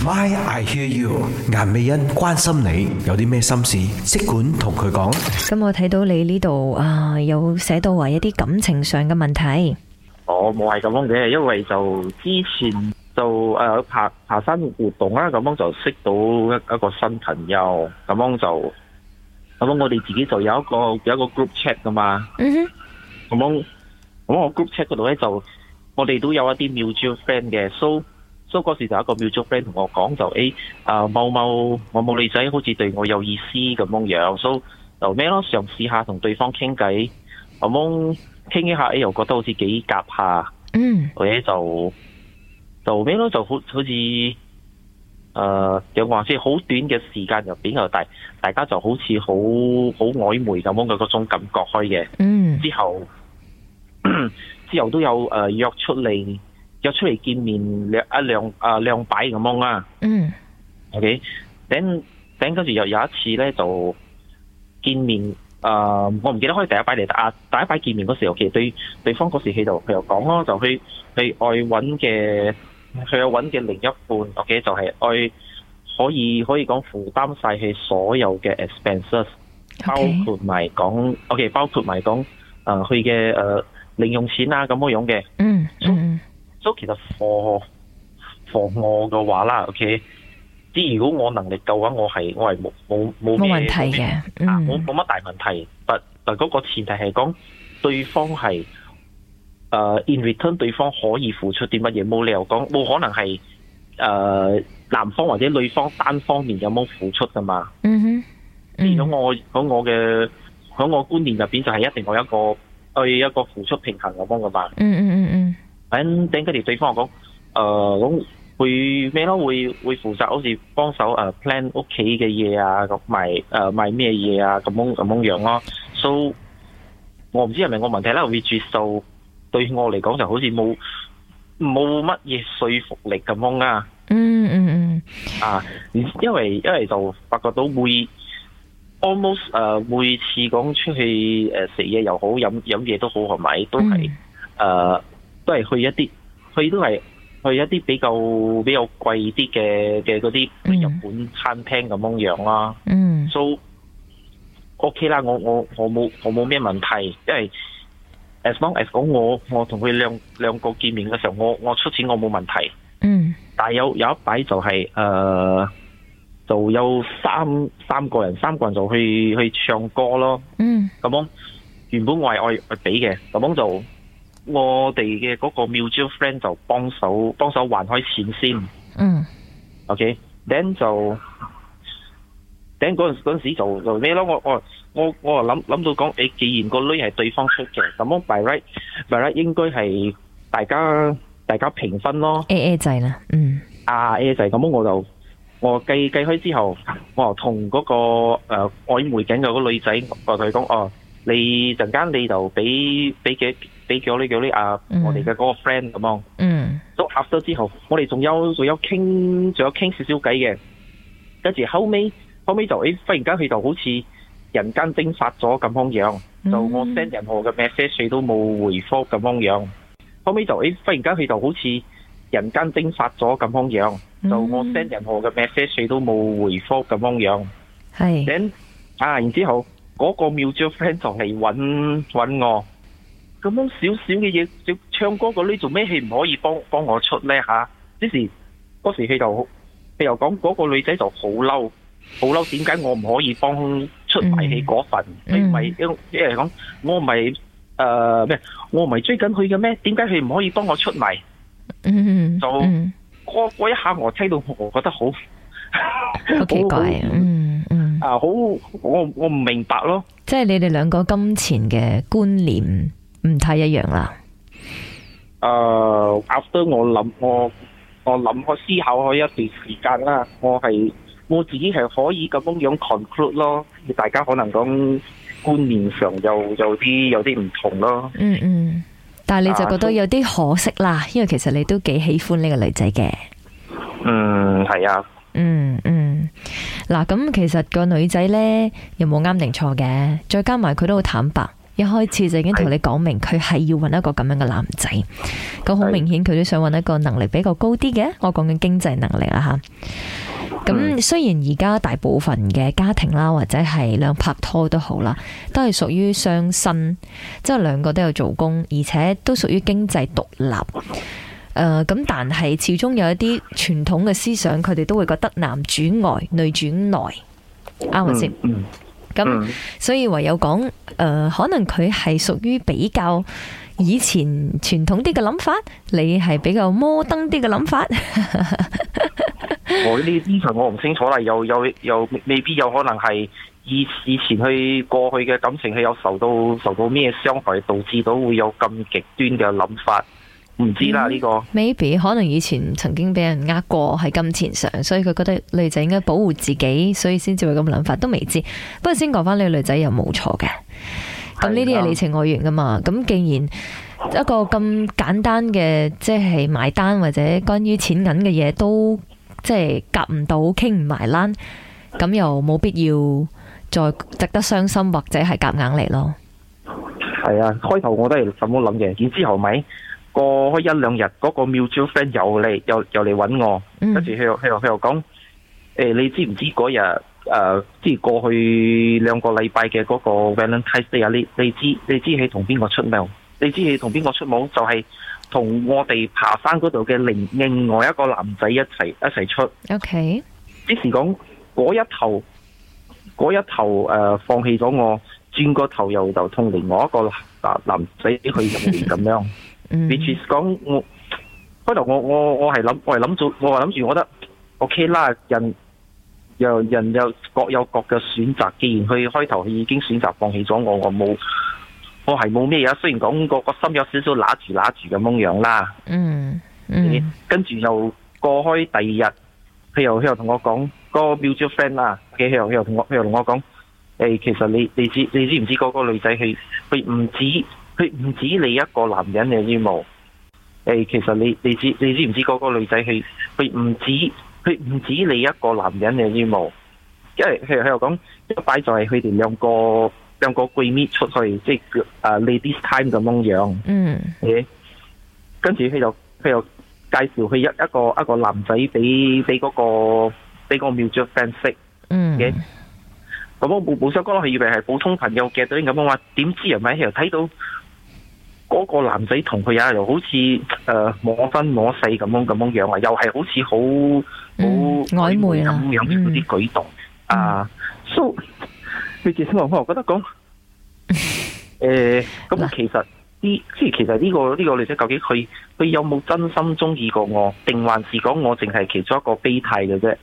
MY I Hear U？顏美欣關心你有啲咩心事？即管同佢講。咁我睇到你呢度啊，有寫到話一啲感情上嘅問題。我冇係咁樣嘅，因為就之前就誒爬爬山活動啦，咁樣就識到一一個新朋友，咁樣就咁樣我哋自己就有一個有一個 group chat 噶嘛。嗯哼。咁樣咁我 group chat 嗰度咧就我哋都有一啲 mutual friend 嘅，so。所以嗰時就一個 mutual friend 同我講就誒，啊，某某某某女仔好似對我有意思咁樣樣，所以就咩咯，嘗試下同對方傾偈，咁樣傾一下又覺得好似幾夾下，或者就就咩咯，就好好似誒，又話即係好短嘅時間入邊，又大大家就好似好好曖昧咁樣嘅嗰種感覺開嘅，之後之後都有誒約出嚟。又出嚟見面，兩一兩啊，兩擺咁樣啦、啊、嗯。O K，等等，跟住又有一次咧，就見面。誒、呃，我唔記得開第一擺嚟，啊，第一擺見面嗰時候，其、okay? 實對對方嗰時，佢就佢又講咯，就去去愛揾嘅，佢又揾嘅另一半。O、okay? K，就係愛可以可以講負擔晒佢所有嘅 expenses，、okay、包括埋講 O K，包括埋講誒佢嘅誒零用錢啊咁樣樣嘅。嗯。所、so, 其實放放我嘅話啦，OK，即係如果我能力夠嘅話，我係我係冇冇冇嘢嘅，冇問題嘅，冇冇乜大問題。但但嗰個前提係講對方係誒、uh，in return，對方可以付出啲乜嘢？冇理由講冇可能係誒、uh, 男方或者女方單方面有冇付出噶嘛？嗯、mm、哼 -hmm. mm -hmm.，咁我響我嘅響我觀念入邊就係一定有一個對一個付出平衡咁樣噶嘛。Mm -hmm. 等佢哋對方講，誒咁會咩咯？會會負責好似幫手誒 plan 屋企嘅嘢啊，同埋誒買咩嘢啊咁樣咁樣樣咯。所以、啊，so, 我唔知係咪我問題啦。會找數對我嚟講就好似冇冇乜嘢說服力咁樣啊。嗯嗯嗯。啊，因為因為就發覺到會 almost 誒、呃、每次講出去誒食嘢又好飲飲嘢都好係咪都係誒。Mm-hmm. 都係去一啲，去都係去一啲比較比較貴啲嘅嘅嗰啲日本餐廳咁樣樣啦。嗯，so O K 啦，我我我冇我冇咩問題，因為 as long as 講我我同佢兩兩個見面嘅時候，我我出錢我冇問題。嗯、mm.，但係有有一擺就係、是、誒、呃，就有三三個人三個人就去去唱歌咯。嗯、mm.，咁樣原本我係愛愛俾嘅，咁樣就。我哋嘅嗰個 mutual friend 就幫手幫手還開錢先，嗯，OK，then 就 then 嗰陣嗰時就就咩咯，我我我我諗諗到講，誒，既然個女係對方出嘅，咁樣 by right by right 應該係大家大家平分咯，A A 制啦，嗯，啊 A A 制，咁樣我就我計計開之後，我同嗰個誒曖昧緊嘅嗰女仔，我同佢講，哦，你陣間你就俾俾幾？俾咗呢叫咧啊！我哋嘅嗰個 friend 咁樣，都嚇咗之後，我哋仲有仲有傾，仲有傾少少偈嘅。跟住後尾後尾就誒、哎，忽然間佢就好似人間蒸發咗咁樣樣，就我 send 任何嘅 message 都冇回覆咁樣樣。後尾就誒、哎，忽然間佢就好似人間蒸發咗咁樣樣，就我 send 任何嘅 message 都冇回覆咁樣樣。係、嗯、啊，然之後嗰、那個 mutual friend 就嚟揾揾我。咁樣少少嘅嘢，唱唱歌呢做咩戲唔可以幫幫我出呢？吓、啊？當時嗰時佢就，又講嗰個女仔就好嬲，好嬲點解我唔可以幫出埋戲嗰份？你唔係即係講我唔係誒咩？我唔係、呃、追緊佢嘅咩？點解佢唔可以幫我出埋、嗯？就過過、嗯、一下我聽到，我覺得好好奇怪、嗯嗯、啊！嗯嗯啊，好我我唔明白咯。即係你哋兩個金錢嘅觀念。唔太一樣啦。誒，阿叔，我諗我我諗我思考我一段時間啦。我係我自己係可以咁樣樣 conclude 咯。大家可能講觀念上又又啲有啲唔同咯。Buddies, 嗯嗯，但係你就覺得有啲可惜啦，因為其實你都幾喜歡呢個女仔嘅。嗯，係啊。嗯嗯，嗱、嗯，咁其實個女仔呢，有冇啱定錯嘅？再加埋佢都好坦白。一開始就已經同你講明，佢係要揾一個咁樣嘅男仔，咁好明顯佢都想揾一個能力比較高啲嘅。我講緊經濟能力啦吓。咁雖然而家大部分嘅家庭啦，或者係兩拍拖都好啦，都係屬於雙薪，即係兩個都有做工，而且都屬於經濟獨立。誒、呃，咁但係始終有一啲傳統嘅思想，佢哋都會覺得男主外，女主內啱唔啱先？嗯咁，所以唯有講，誒、呃，可能佢係屬於比較以前傳統啲嘅諗法，你係比較摩登啲嘅諗法。 我呢層我唔清楚啦，又又又未必有可能係以以前去過去嘅感情係有受到受到咩傷害，導致到會有咁極端嘅諗法。唔知啦呢、嗯呢個，maybe 可能以前曾經俾人呃過，係金錢上，所以佢覺得女仔應該保護自己，所以先至會咁諗法，都未知。不過先講翻，你個女仔又冇錯嘅。咁呢啲係你情我願噶嘛？咁既然一個咁簡單嘅，即係埋單或者關於錢銀嘅嘢，都即係夾唔到，傾唔埋欄，咁又冇必要再值得傷心或者係夾硬嚟咯。係啊，開頭我都係咁樣諗嘅，然之後咪。過去一兩日，嗰、那個 mutual friend 又嚟，又又嚟揾我。跟住佢又佢又佢又講，誒、哎，你知唔知嗰日誒，即、呃、係過去兩個禮拜嘅嗰個 Valentine's Day 啊？你你知你知係同邊個出名？你知係同邊個出名？就係、是、同我哋爬山嗰度嘅另另外一個男仔一齊一齊出。OK。之前講嗰一頭，嗰一頭誒、呃，放棄咗我，轉個頭又就同另外一個男男仔去入面咁樣。 你似講我開頭我我我係諗我係諗咗我係諗住覺得 OK 啦，人又人又各有各嘅選擇，既然佢開頭已經選擇放棄咗我，我冇我係冇咩嘢。雖然講個個心有少少揦住揦住咁樣樣啦、mm -hmm. 嗯。嗯，跟住又過開第二日，佢又佢又同我講、個 music friend 啊，佢又佢又同我佢又同我講，誒、欸，其實你你知你知唔知嗰個女仔係佢唔止。佢唔止你一個男人嘅義務。其實你你知你知唔知嗰個女仔係佢唔止佢唔止你一個男人嘅義務。因為佢佢又講，一、這個、擺在佢哋兩個兩個閨蜜出去，即係啊、uh, ladies time 咁樣。Mm. 嗯。誒。跟住佢又佢又介紹佢一一個一個男仔俾俾嗰個俾個 mutual friend 識。Mm. 嗯。嘅。咁冇冇想講，佢以為係普通朋友嘅對咁啊嘛？點知啊咪又睇到。嗰、那個男仔同佢又又好似誒摸分摸細咁樣咁樣樣啊，又係好似好好曖昧啊，咁樣嗰啲舉動啊、嗯 uh,，so 你直頭話我覺得講誒，咁其實呢即係其實呢、這個呢、這個女仔究竟佢佢有冇真心中意過我，定還是講我淨係其中一個備胎嘅啫？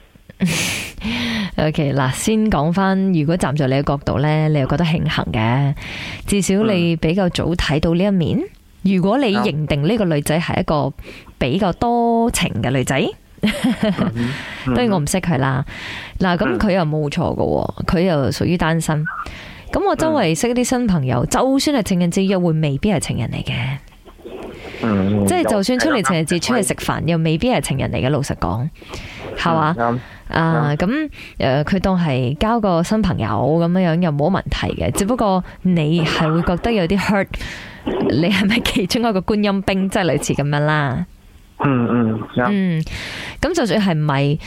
O.K. 嗱，先講翻，如果站在你嘅角度咧，你又覺得慶幸嘅，至少你比較早睇到呢一面。Mm -hmm. 如果你認定呢個女仔係一個比較多情嘅女仔，當、mm、然 -hmm. mm -hmm. 我唔識佢啦。嗱、mm -hmm.，咁佢又冇錯嘅，佢又屬於單身。咁我周圍識一啲新朋友，mm -hmm. 就算係情人節，會未必係情人嚟嘅。即係就算出嚟情人節出去食飯，又未必係情人嚟嘅、mm -hmm. mm -hmm.。老實講，係、mm、嘛 -hmm.？Mm -hmm. 啊、uh, yeah.，咁誒，佢當係交個新朋友咁樣樣又冇問題嘅，只不過你係會覺得有啲 hurt，、yeah. 你係咪其中一個觀音兵，即係類似咁樣啦？嗯、mm -hmm. yeah. 嗯，嗯，咁就算係咪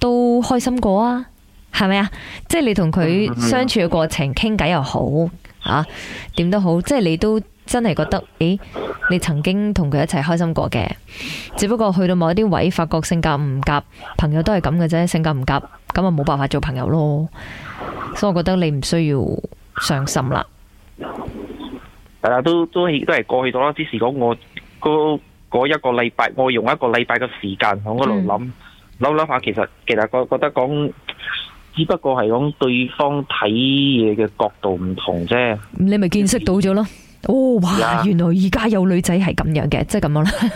都開心過啊？係咪啊？即係你同佢相處嘅過程，傾偈又好啊，點都好，即係你都。真係覺得，誒、欸，你曾經同佢一齊開心過嘅，只不過去到某一啲位，發覺性格唔夾，朋友都係咁嘅啫，性格唔夾，咁啊冇辦法做朋友咯。所以我覺得你唔需要上心啦。係啊，都都係過去到啦。只是講我嗰一個禮拜，我用一個禮拜嘅時間響嗰度諗諗諗下，其實其實覺覺得講，只不過係講對方睇嘢嘅角度唔同啫。你咪見識到咗咯？哦，哇！Yeah. 原來而家有女仔係咁樣嘅，即係咁樣啦，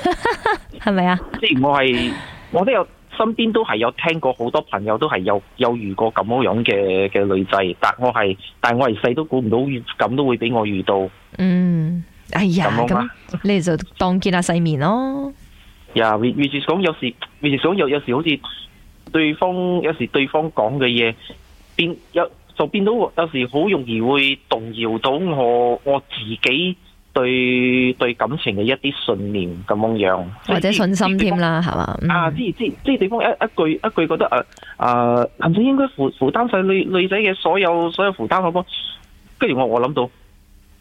係 咪啊？即係我係，我都有身邊都係有聽過好多朋友都係有有遇過咁樣樣嘅嘅女仔，但我係，但我係細都估唔到咁都會俾我遇到。嗯，哎呀，咁你哋就當見下世面咯。呀，越越是講有時，越是講有有時好似對方有時對方講嘅嘢邊一。就變到有時好容易會動搖到我我自己對對感情嘅一啲信念咁樣樣，或者信心添啦，係嘛？啊，即係即係對方一一句一句覺得，得，得，得，得啊，誒，男仔應該負負擔晒女女仔嘅所有所有負擔好唔好？跟住，我我諗到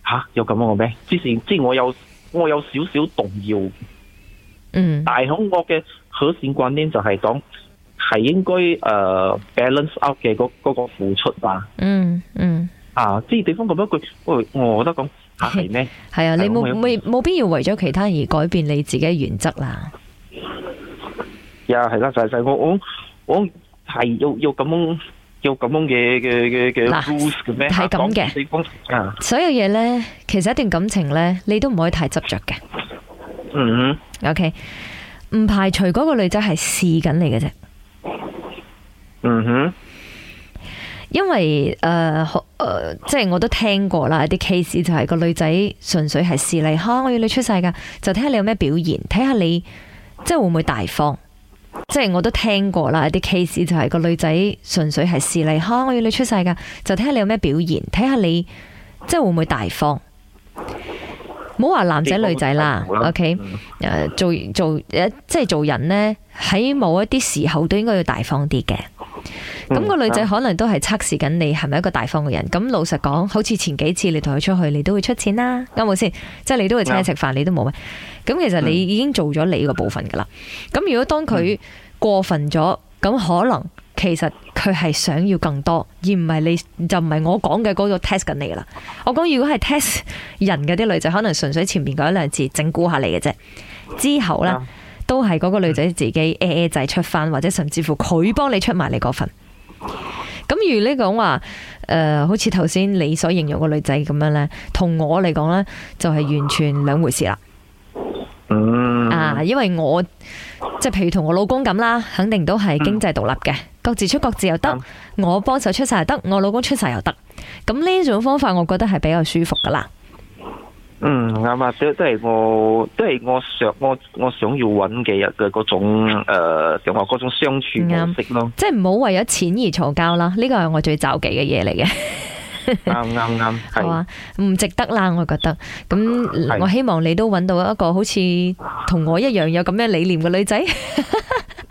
吓有咁樣嘅咩？之前之前我有我有少少動搖，嗯，但係我嘅核心觀念就係講。係應該誒、uh,，balance out 嘅嗰嗰個付出吧。嗯嗯，啊，即係對方咁樣，我我覺得咁，係咩？係啊，你冇冇冇必要為咗其他人而改變你自己嘅原則啦。又係啦，就係我我我係要要咁樣要咁樣嘅嘅嘅嘅嘅咩？係咁嘅，所有嘢咧，其實一段感情咧，你都唔可以太執着嘅。嗯。O K，唔排除嗰個女仔係試緊你嘅啫。嗯哼，因為誒，誒、呃呃，即係我都聽過啦，一啲 case 就係個女仔純粹係試嚟，呵、啊，我要你出世噶，就睇下，你有咩表現，睇下你即係會唔會大方。即係我都聽過啦，一啲 case 就係個女仔純粹係試嚟，呵、啊，我要你出世噶，就睇下，你有咩表現，睇下你即係會唔會大方。唔好話男仔女仔啦，OK，誒、嗯，做做即係做人呢，喺某一啲時候都應該要大方啲嘅。咁、嗯，那個女仔可能都係測試緊你係咪一個大方嘅人。咁老實講，好似前幾次你同佢出去，你都會出錢啦，啱冇先？即係你都會請佢食飯，no. 你都冇咩？咁其實你已經做咗你個部分噶啦。咁如果當佢過分咗，咁可能其實佢係想要更多，而唔係你就唔係我講嘅嗰個 test 緊你噶啦。我講如果係 test 人嘅啲女仔，可能純粹前面嗰一兩次整蠱下你嘅啫，之後呢。No. 都係嗰個女仔自己 A A 仔出翻，或者甚至乎佢幫你出埋你嗰份。咁如你講話誒，好似頭先你所形容個女仔咁樣呢，同我嚟講呢，就係完全兩回事啦。Mm. 啊，因為我即係譬如同我老公咁啦，肯定都係經濟獨立嘅，各自出各自又得，我幫手出晒又得，我老公出晒又得。咁呢種方法，我覺得係比較舒服噶啦。嗯，啱啊，都都係我，都係我想我我想要揾嘅嘅嗰種誒，就話嗰種相處模式咯。即係唔好為咗錢而嘈交啦，呢個係我最找忌嘅嘢嚟嘅。啱啱啱，係啊，唔、嗯嗯、值得啦，我覺得。咁我希望你都揾到一個好似同我一樣有咁樣理念嘅女仔。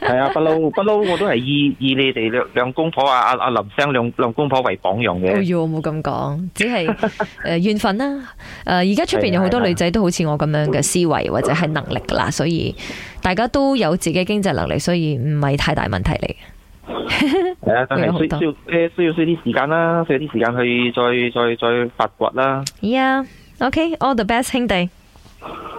係 啊，不嬲不嬲，我都係以以你哋兩兩公婆啊，阿阿林生兩兩公婆為榜樣嘅。哦、哎，唔好咁講，只係誒緣分啦。誒、呃，而家出邊有好多女仔都好似我咁樣嘅思維或者係能力啦，所以大家都有自己經濟能力，所以唔係太大問題嚟。係 啊，真係需要 需要需要啲時間啦，需要啲時間去再再再發掘啦。咦啊、yeah.，OK，All the best，兄弟。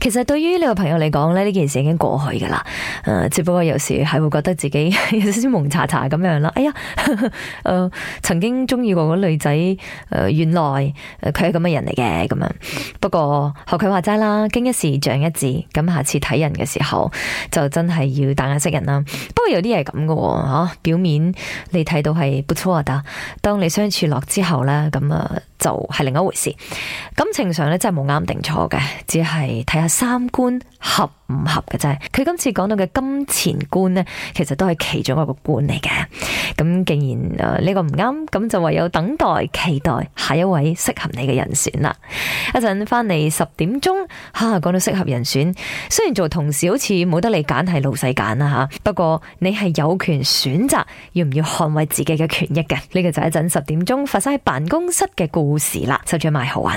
其實對於呢個朋友嚟講咧，呢件事已經過去噶啦。誒、呃，只不過有時係會覺得自己 有少少蒙查查咁樣啦。哎呀，誒、呃，曾經中意過嗰女仔，誒、呃，原來佢係咁嘅人嚟嘅。咁樣，不過學佢話齋啦，經一事長一智。咁下次睇人嘅時候，就真係要大眼識人啦。不過有啲嘢係咁嘅，吓、啊、表面你睇到係不錯啊，但當你相處落之後呢，咁啊就係、是、另一回事。感情上呢，真係冇啱定錯嘅，只係。睇下三觀合唔合嘅啫，佢今次講到嘅金錢觀呢，其實都係其中一個觀嚟嘅。咁既然誒呢個唔啱，咁就唯有等待期待下一位適合你嘅人選啦。一陣翻嚟十點鐘，吓、啊、講到適合人選，雖然做同事好似冇得你揀，係老細揀啦吓，不過你係有權選擇要唔要捍衛自己嘅權益嘅。呢、呢個就一陣十點鐘發生喺辦公室嘅故事啦。收住埋好運。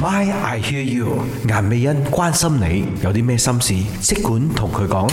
My I hear you？I mean, 擔心你有啲咩心事，即管同佢講。